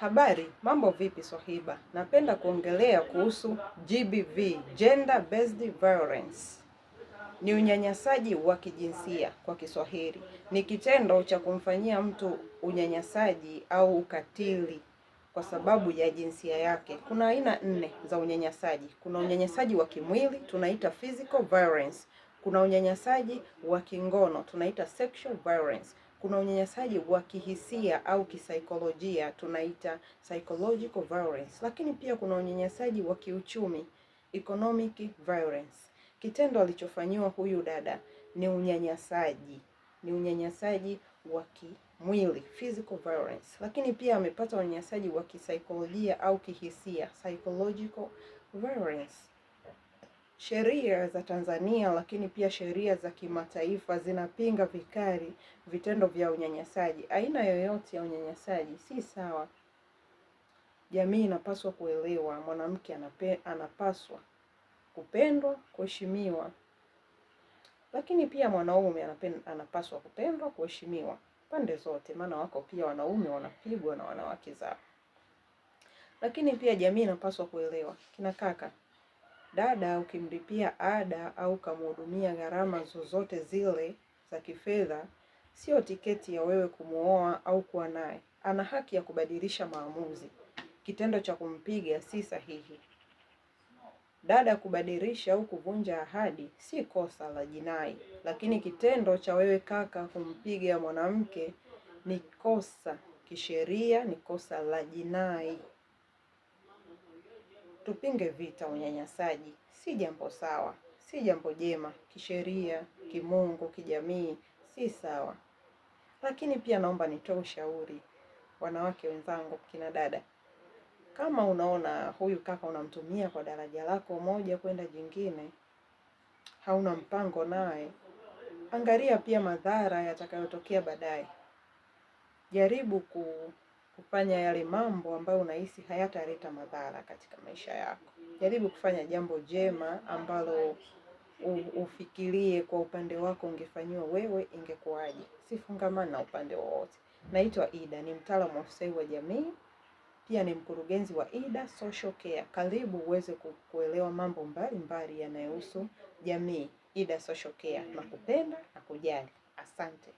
Habari, mambo vipi Swahiba? Napenda kuongelea kuhusu GBV, Gender Based Violence. Ni unyanyasaji wa kijinsia kwa Kiswahili. Ni kitendo cha kumfanyia mtu unyanyasaji au ukatili kwa sababu ya jinsia yake. Kuna aina nne za unyanyasaji. Kuna unyanyasaji wa kimwili tunaita physical violence. Kuna unyanyasaji wa kingono tunaita sexual violence kuna unyanyasaji wa kihisia au kisaikolojia, tunaita psychological violence, lakini pia kuna unyanyasaji wa kiuchumi economic violence. Kitendo alichofanyiwa huyu dada ni unyanyasaji, ni unyanyasaji wa kimwili physical violence, lakini pia amepata unyanyasaji wa kisaikolojia au kihisia psychological violence. Sheria za Tanzania lakini pia sheria za kimataifa zinapinga vikali vitendo vya unyanyasaji. Aina yoyote ya unyanyasaji si sawa. Jamii inapaswa kuelewa, mwanamke anapaswa kupendwa, kuheshimiwa, lakini pia mwanaume anapaswa kupendwa, kuheshimiwa pande zote, maana wako pia wanaume wanapigwa na wanawake zao. Lakini pia jamii inapaswa kuelewa, kina kaka Dada ukimlipia ada au ukamhudumia gharama zozote zile za kifedha, sio tiketi ya wewe kumwoa au kuwa naye. Ana haki ya kubadilisha maamuzi. Kitendo cha kumpiga si sahihi. Dada kubadilisha au kuvunja ahadi si kosa la jinai, lakini kitendo cha wewe kaka kumpiga mwanamke ni kosa kisheria, ni kosa la jinai. Tupinge vita unyanyasaji, si jambo sawa, si jambo jema kisheria, kimungu, kijamii, si sawa. Lakini pia naomba nitoe ushauri, wanawake wenzangu, kina dada, kama unaona huyu kaka unamtumia kwa daraja lako moja kwenda jingine, hauna mpango naye, angalia pia madhara yatakayotokea baadaye. Jaribu ku kufanya yale mambo ambayo unahisi hayataleta madhara katika maisha yako. Jaribu kufanya jambo jema ambalo ufikirie kwa upande wako ungefanyiwa wewe ingekuwaje. Si na upande wowote. Naitwa Ida, ni mtaalamu wa ustawi wa jamii, pia ni mkurugenzi wa Ida Social Care. Karibu uweze kuelewa mambo mbalimbali yanayohusu jamii. Ida Social Care, nakupenda na kujali. Asante.